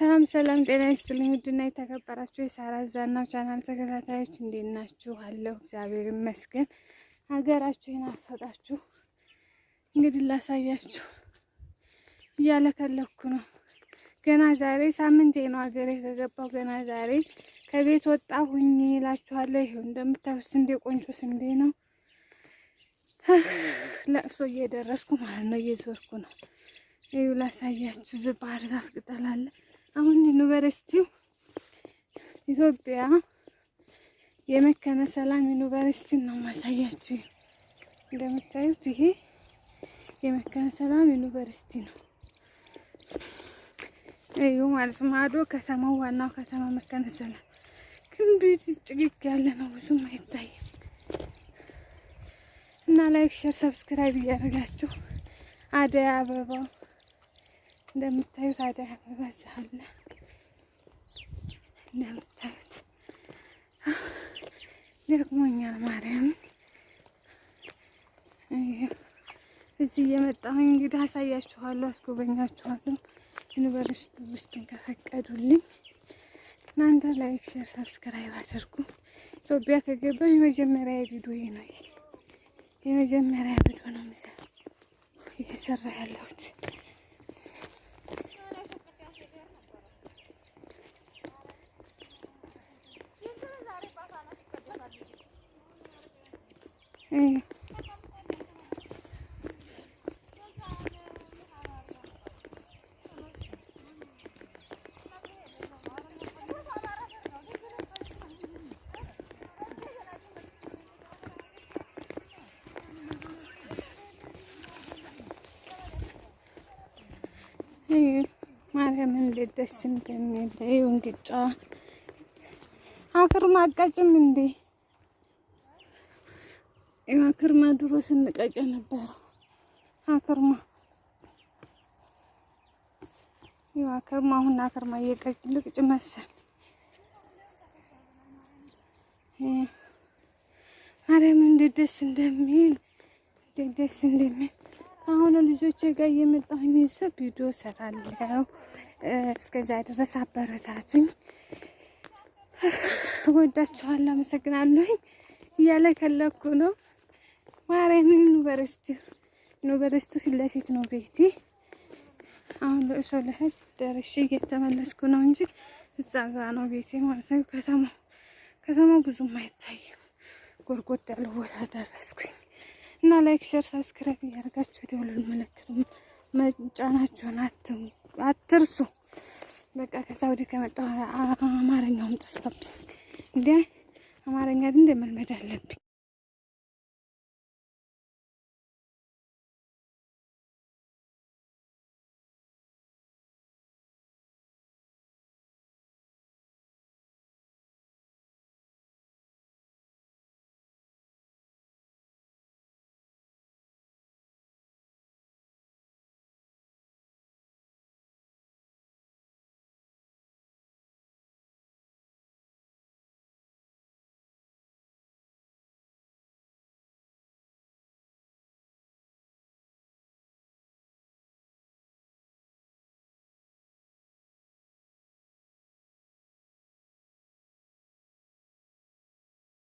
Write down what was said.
ሰላም ሰላም፣ ጤና ይስጥልኝ ውድና የተከበራችሁ የሳራ ዛናው ቻናል ተከታታዮች እንዴት ናችሁ? አለሁ እግዚአብሔር ይመስገን። ሀገራችሁ የናፈቃችሁ እንግዲህ ላሳያችሁ እያለከለኩ ነው። ገና ዛሬ ሳምንቴ ነው ሀገር የተገባው። ገና ዛሬ ከቤት ወጣ ሁኝ ይላችኋለሁ። ይሄው እንደምታዩት ስንዴ ቆንጆ ስንዴ ነው። ለቅሶ እየደረስኩ ማለት ነው፣ እየዞርኩ ነው። ይኸው ላሳያችሁ። ዝባህር ዛፍ ቅጠል አለ አሁን ዩኒቨርሲቲው ኢትዮጵያ የመከነ ሰላም ዩኒቨርሲቲን ነው ማሳያችሁ። እንደምታዩት ይሄ የመከነ ሰላም ዩኒቨርሲቲ ነው። እዩ ማለት ማዶ ከተማው ዋናው ከተማ መከነ ሰላም ግን ቤት ያለ ነው፣ ብዙም አይታይም። እና ላይክ፣ ሸር፣ ሰብስክራይብ እያደረጋችሁ አደይ አበባ እንደምታዩት አደይ አበባ እዛ አለ። እንደምታዩት ደክሞኛል ማርያም። እዚህ እየመጣሁኝ እንግዲህ አሳያችኋለሁ፣ አስጎበኛችኋለሁ ዩኒቨርሲቲ ውስጥ ከፈቀዱልኝ። እናንተ ላይክ፣ ሼር፣ ሰብስክራይብ አድርጉ። ኢትዮጵያ ከገባ የመጀመሪያ ቪዲዮ ነው፣ የመጀመሪያ ቪዲዮ ነው እየሰራ ያለሁት። 응. ማርያም እንዴት ደስ እንደሚል እንግጫ ሀገር ማቀጭም እንዴ አክርማ ድሮ ስንቀጨ ነበር። አክርማ አክርማ አሁን አክርማ እየቀጭ ልቅጭ መሰል ማርያም እንዴት ደስ እንደሚል እንዴት ደስ እንደሚል አሁን ልጆች ጋር እየመጣሁ የሚዘብ ቪዲዮ ሰራለሁ። እስከዛ ድረስ አበረታቱኝ። ወዳችኋለሁ። አመሰግናለሁኝ። ከለኩ ነው። ማርያም ዩኒቨርሲቲ ዩኒቨርሲቲ ፊት ለፊት ነው ቤቲ። አሁን ለእሶ ለህል ደርሼ እየተመለስኩ ነው እንጂ እዛ ጋ ነው ቤቴ ማለት ነው። ከተማ ከተማ ብዙም አይታይም። ጎርጎድ ያለ ቦታ ደረስኩኝ እና ላይክ፣ ሸር፣ ሳብስክራይብ እያደረጋችሁ ደውሉን ምልክት መጫናችሁን አትርሱ። በቃ ከዛ ወዲህ ከመጣሁ አማርኛውም ጠፋብኝ። እንዲያ አማርኛ ግን እንደመልመድ አለብኝ።